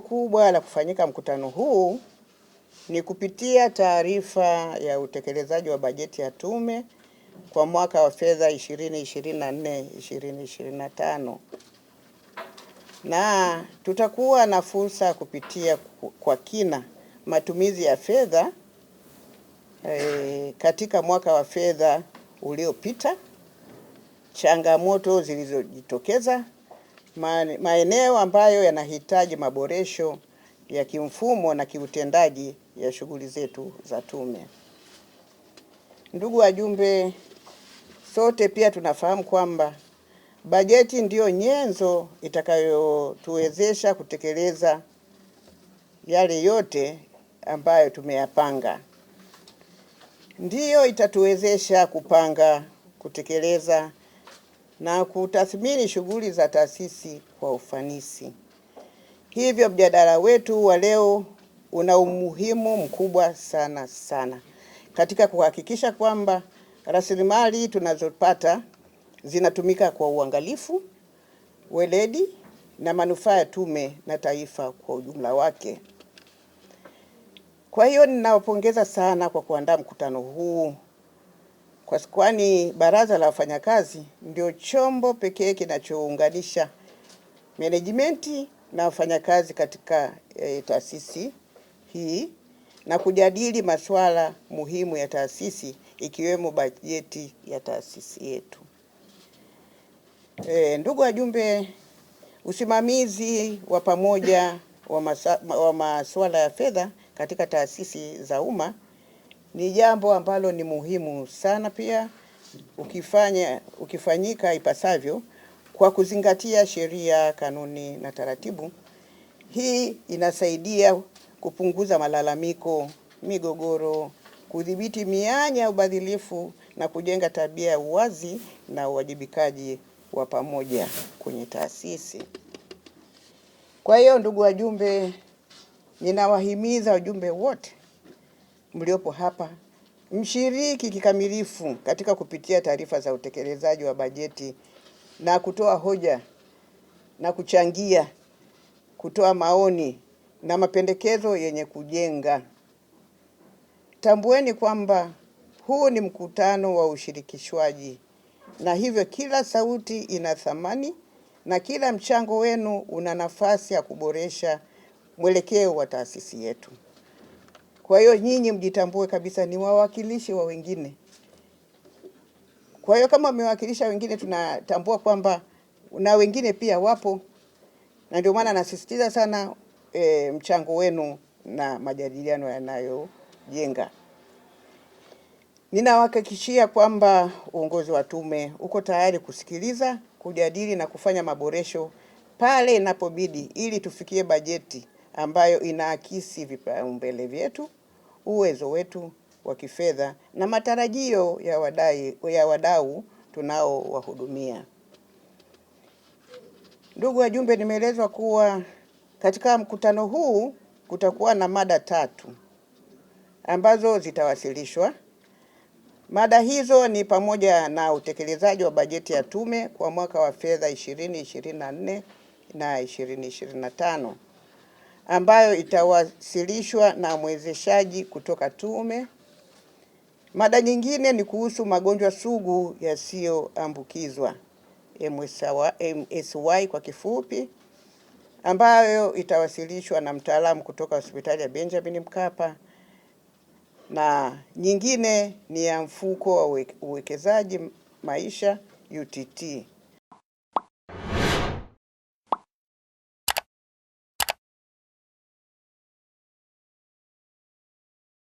kubwa la kufanyika mkutano huu ni kupitia taarifa ya utekelezaji wa bajeti ya Tume kwa mwaka wa fedha 2024 2025, na tutakuwa na fursa ya kupitia kwa kina matumizi ya fedha e, katika mwaka wa fedha uliopita, changamoto zilizojitokeza maeneo ambayo yanahitaji maboresho ya kimfumo na kiutendaji ya shughuli zetu za Tume. Ndugu wajumbe, sote pia tunafahamu kwamba bajeti ndiyo nyenzo itakayotuwezesha kutekeleza yale yote ambayo tumeyapanga, ndiyo itatuwezesha kupanga, kutekeleza na kutathmini shughuli za taasisi kwa ufanisi. Hivyo mjadala wetu wa leo una umuhimu mkubwa sana sana katika kuhakikisha kwamba rasilimali tunazopata zinatumika kwa uangalifu, weledi na manufaa ya tume na taifa kwa ujumla wake. Kwa hiyo ninawapongeza sana kwa kuandaa mkutano huu kwa kwani baraza la wafanyakazi ndio chombo pekee kinachounganisha management na wafanyakazi katika e, taasisi hii na kujadili masuala muhimu ya taasisi ikiwemo bajeti ya taasisi yetu. E, ndugu wajumbe, usimamizi wa pamoja wa masuala ya fedha katika taasisi za umma ni jambo ambalo ni muhimu sana pia ukifanya ukifanyika ipasavyo kwa kuzingatia sheria, kanuni na taratibu. Hii inasaidia kupunguza malalamiko, migogoro, kudhibiti mianya ya ubadhilifu na kujenga tabia ya uwazi na uwajibikaji wa pamoja kwenye taasisi. Kwa hiyo, ndugu wajumbe, ninawahimiza wajumbe wote mliopo hapa mshiriki kikamilifu katika kupitia taarifa za utekelezaji wa bajeti na kutoa hoja na kuchangia, kutoa maoni na mapendekezo yenye kujenga. Tambueni kwamba huu ni mkutano wa ushirikishwaji na hivyo kila sauti ina thamani na kila mchango wenu una nafasi ya kuboresha mwelekeo wa taasisi yetu. Kwa hiyo nyinyi mjitambue kabisa ni wawakilishi wa wengine. Kwa hiyo kama mmewakilisha wengine, tunatambua kwamba na wengine pia wapo, na ndio maana nasisitiza sana e, mchango wenu na majadiliano yanayojenga. Ninawahakikishia kwamba uongozi wa tume uko tayari kusikiliza, kujadili na kufanya maboresho pale inapobidi ili tufikie bajeti ambayo inaakisi vipaumbele vyetu, uwezo wetu wa kifedha na matarajio ya wadai, ya wadau tunaowahudumia. Ndugu wajumbe, nimeelezwa kuwa katika mkutano huu kutakuwa na mada tatu ambazo zitawasilishwa. Mada hizo ni pamoja na utekelezaji wa bajeti ya tume kwa mwaka wa fedha 2024 na 2025 ambayo itawasilishwa na mwezeshaji kutoka tume. Mada nyingine ni kuhusu magonjwa sugu yasiyoambukizwa MSY kwa kifupi, ambayo itawasilishwa na mtaalamu kutoka hospitali ya Benjamin Mkapa, na nyingine ni ya mfuko wa uwekezaji maisha UTT.